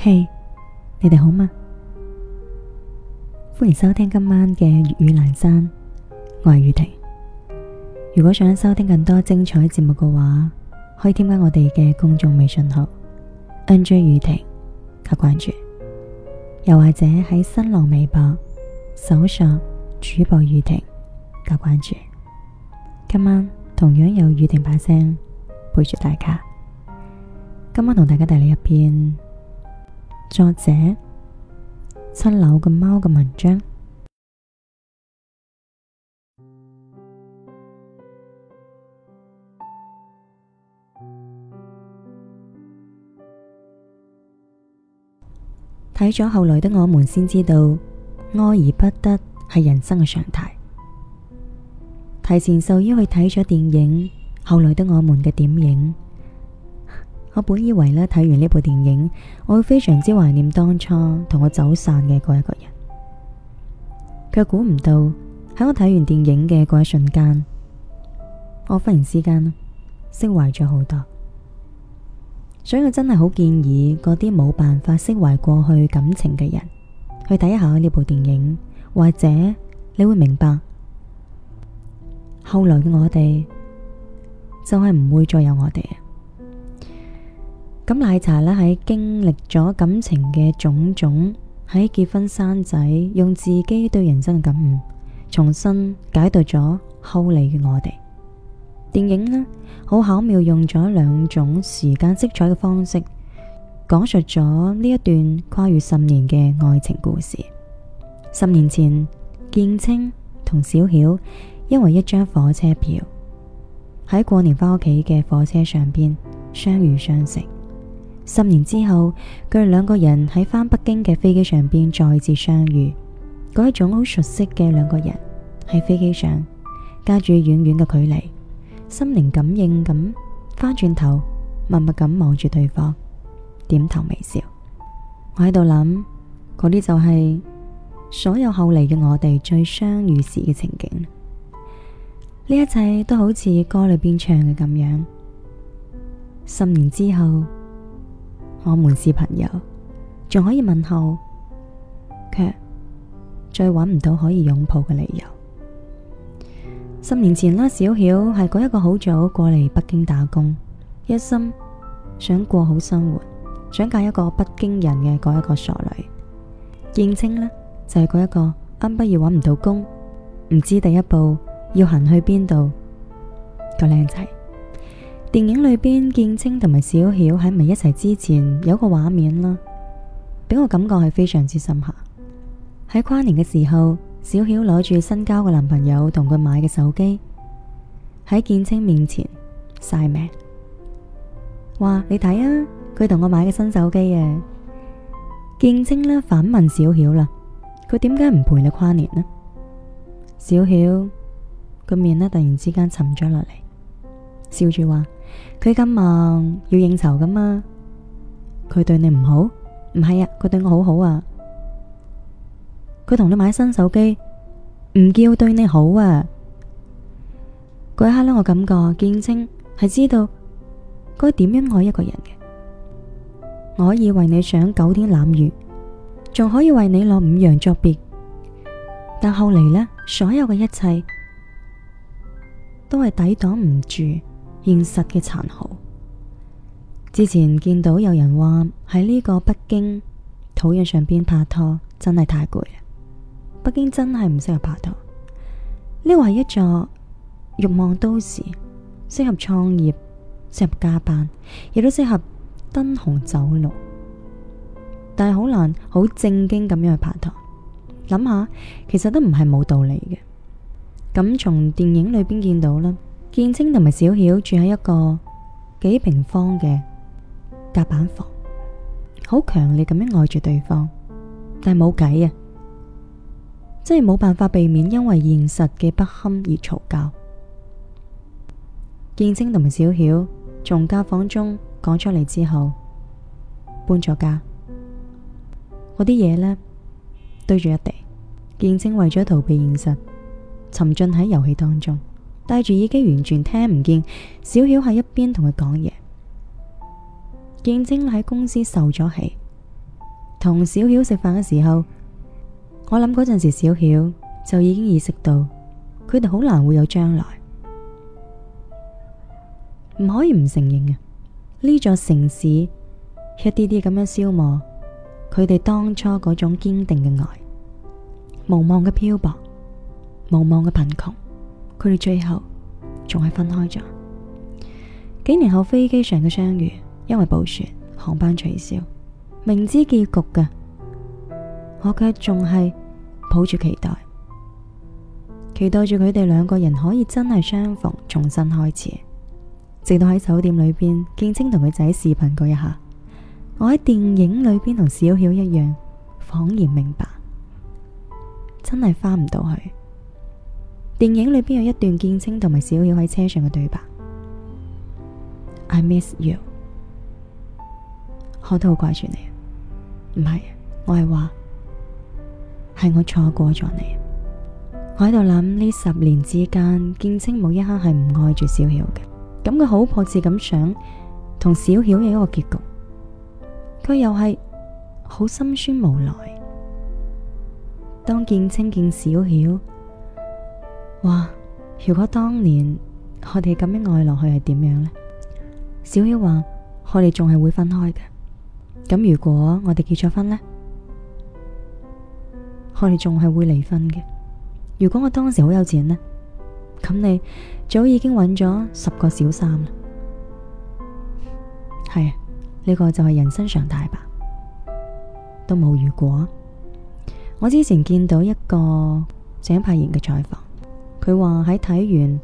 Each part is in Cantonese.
嘿，hey, 你哋好嘛？歡迎收聽今晚嘅粵語南山，我係雨婷。如果想收聽更多精彩節目嘅話，可以添加我哋嘅公眾微信號 nj 雨婷加關注，又或者喺新浪微博搜索，主播雨婷加關注。今晚同樣有雨婷把聲陪住大家。今晚同大家帶嚟一篇作者七樓嘅貓嘅文章。睇咗 後來的我們，先知道愛而不得係人生嘅常態。提前受邀去睇咗電影《後來的我們》嘅點映。我本以為咧，睇完呢部電影，我會非常之懷念當初同我走散嘅嗰一個人。卻估唔到喺我睇完電影嘅嗰一瞬間，我忽然之間釋懷咗好多。所以，我真係好建議嗰啲冇辦法釋懷過去感情嘅人，去睇一下呢部電影，或者你會明白，後來嘅我哋就係唔會再有我哋。咁奶茶呢，喺經歷咗感情嘅種種，喺結婚生仔，用自己對人生嘅感悟，重新解讀咗《齁你我哋後嚟嘅我哋》電影呢，好巧妙用咗兩種時間色彩嘅方式，講述咗呢一段跨越十年嘅愛情故事。十年前，見清同小曉因為一張火車票，喺過年翻屋企嘅火車上邊相遇相識。十年之後，佢哋兩個人喺返北京嘅飛機上邊再次相遇，嗰一種好熟悉嘅兩個人喺飛機上，隔住遠遠嘅距離，心靈感應咁翻轉頭默默咁望住對方，點頭微笑。我喺度諗，嗰啲就係所有後嚟嘅我哋再相遇時嘅情景。呢一切都好似歌裏邊唱嘅咁樣，十年之後。我們是朋友，仲可以問候，卻再揾唔到可以擁抱嘅理由。十年前啦，小曉係嗰一個好早過嚟北京打工，一心想過好生活，想嫁一個北京人嘅嗰一個傻女。見清呢，就係、是、嗰一個啱畢業揾唔到工，唔知第一步要行去邊度個靚仔。電影裏邊，見清同埋小曉喺埋一齊之前，有個畫面啦，俾我感覺係非常之深刻。喺跨年嘅時候，小曉攞住新交嘅男朋友同佢買嘅手機，喺見清面前晒命，話你睇啊，佢同我買嘅新手機啊。見清呢反問小曉啦，佢點解唔陪你跨年呢？小曉個面呢突然之間沉咗落嚟。笑住話：佢咁忙，要應酬噶嘛？佢對你唔好？唔係啊，佢對我好好啊。佢同你買新手機，唔叫對你好啊。嗰一刻咧，我感覺見清係知道該點樣愛一個人嘅。我可以為你上九天攬月，仲可以為你下五洋捉鱉。但後嚟呢，所有嘅一切都係抵擋唔住現實嘅殘酷，之前見到有人話喺呢個北京土壤上邊拍拖真係太攰啦。北京真係唔適合拍拖，呢個係一座欲望都市，適合創業，適合加班，亦都適合燈紅酒綠，但係好難好正經咁樣去拍拖。諗下其實都唔係冇道理嘅。咁從電影裏邊見到呢。建清同埋小曉住喺一個幾平方嘅夾板房，好強烈咁樣愛住對方，但係冇計啊，真係冇辦法避免因為現實嘅不堪而嘈交。見清同埋小曉從家房中講出嚟之後，搬咗家，嗰啲嘢呢堆住一地。見清為咗逃避現實，沉浸喺遊戲當中。戴住耳機完全聽唔見，小曉喺一邊同佢講嘢。見清喺公司受咗氣，同小曉食飯嘅時候，我諗嗰陣時小曉就已經意識到，佢哋好難會有將來，唔可以唔承認啊！呢座城市一啲啲咁樣消磨佢哋當初嗰種堅定嘅愛，無望嘅漂泊，無望嘅貧窮。佢哋最後仲係分開咗，幾年後飛機上嘅相遇，因為暴雪，航班取消，明知結局嘅，我卻仲係抱住期待，期待住佢哋兩個人可以真係相逢，重新開始。直到喺酒店裏邊，見清同佢仔視頻嗰一下，我喺電影裏邊同小曉一樣，恍然明白，真係返唔到去。電影裏邊有一段見清同埋小曉喺車上嘅對白，I miss you，我都好掛住你，唔係，我係話係我錯過咗你。我喺度諗呢十年之間，見清冇一刻係唔愛住小曉嘅，咁佢好迫切咁想同小曉有一個結局，佢又係好心酸無奈。當見清見小曉。哇！如果當年我哋咁樣愛落去，係點樣呢？小曉話我哋仲係會分開嘅。咁如果我哋結咗婚呢？我哋仲係會離婚嘅。如果我當時好有錢呢，咁你早已經揾咗十個小三啦。係啊，呢個就係人生常態吧，都冇如果。我之前見到一個井柏然嘅採訪。佢話喺睇完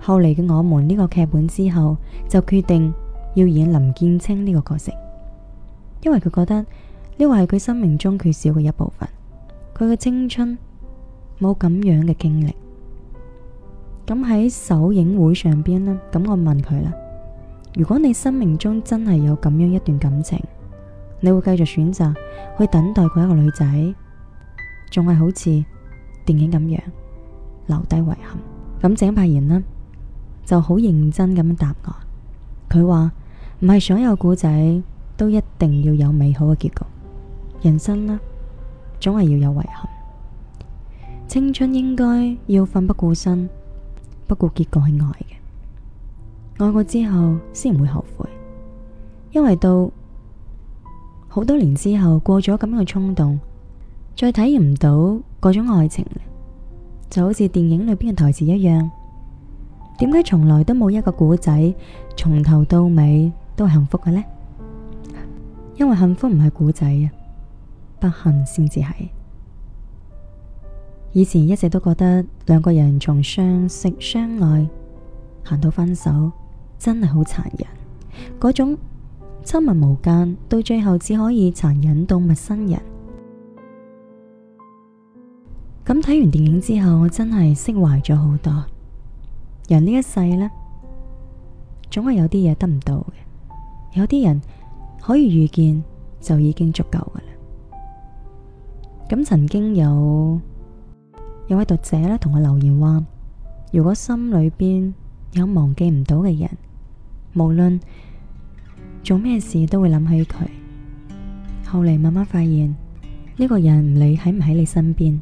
後嚟嘅《我們》呢個劇本之後，就決定要演林見清呢個角色，因為佢覺得呢個係佢生命中缺少嘅一部分。佢嘅青春冇咁樣嘅經歷。咁喺首映會上邊咧，咁我問佢啦：如果你生命中真係有咁樣一段感情，你會繼續選擇去等待佢一個女仔，仲係好似電影咁樣？留低遺憾，咁井柏然呢就好認真咁答我。佢話唔係所有古仔都一定要有美好嘅結局，人生呢總係要有遺憾。青春應該要奮不顧身，不顧結果係愛嘅，愛過之後先唔會後悔，因為到好多年之後過咗咁樣嘅衝動，再體驗唔到嗰種愛情。就好似電影裏邊嘅台詞一樣，點解從來都冇一個古仔從頭到尾都幸福嘅呢？因為幸福唔係古仔啊，不幸先至係。以前一直都覺得兩個人從相識相愛行到分手，真係好殘忍。嗰種親密無間到最後只可以殘忍到陌生人。咁睇完電影之後，我真係釋懷咗好多。人呢一世呢，總係有啲嘢得唔到嘅，有啲人可以遇見就已經足夠噶啦。咁曾經有有位讀者咧，同我留言話：如果心裏邊有忘記唔到嘅人，無論做咩事都會諗起佢。後嚟慢慢發現呢個人唔理喺唔喺你身邊。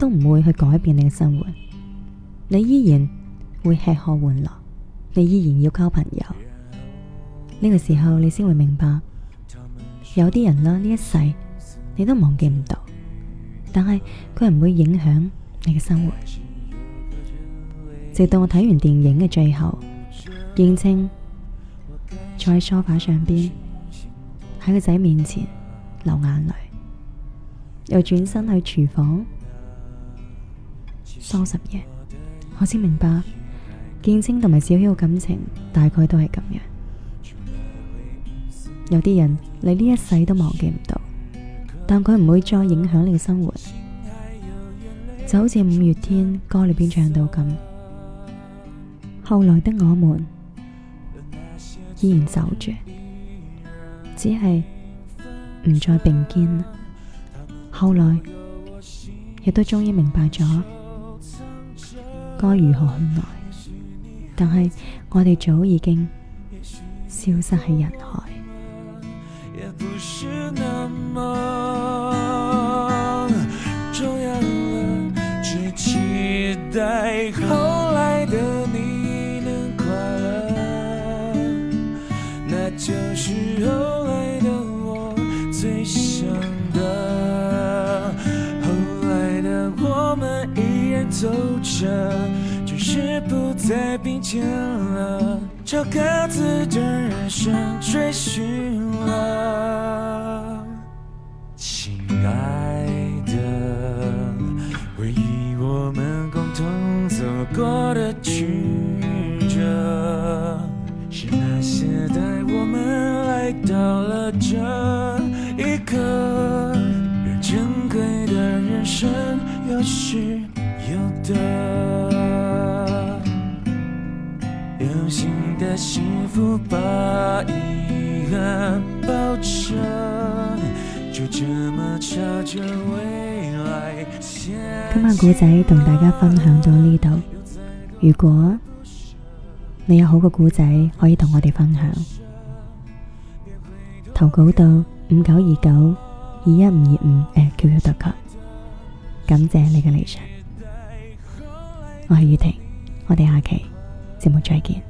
都唔會去改變你嘅生活，你依然會吃喝玩樂，你依然要交朋友。呢個時候你先會明白，有啲人啦，呢一世你都忘記唔到，但係佢係唔會影響你嘅生活。直到我睇完電影嘅最後，見清坐喺梳化上邊，喺個仔面前流眼淚，又轉身去廚房。收拾嘢，我先明白見清同埋小曉嘅感情大概都係咁樣。有啲人你呢一世都忘記唔到，但佢唔會再影響你嘅生活，就好似五月天歌裏邊唱到咁，後來的我們依然走著，只係唔再並肩。後來亦都終於明白咗，該如何去愛？但係我哋早已經消失喺人海。着，只是不再並肩了，找各自的人生追尋。今晚古仔同大家分享到呢度。如果你有好嘅古仔，可以同我哋分享，投稿到五九二九二一五二五誒，QQ 特卡。感謝你嘅理想，我係雨婷，我哋下期節目再見。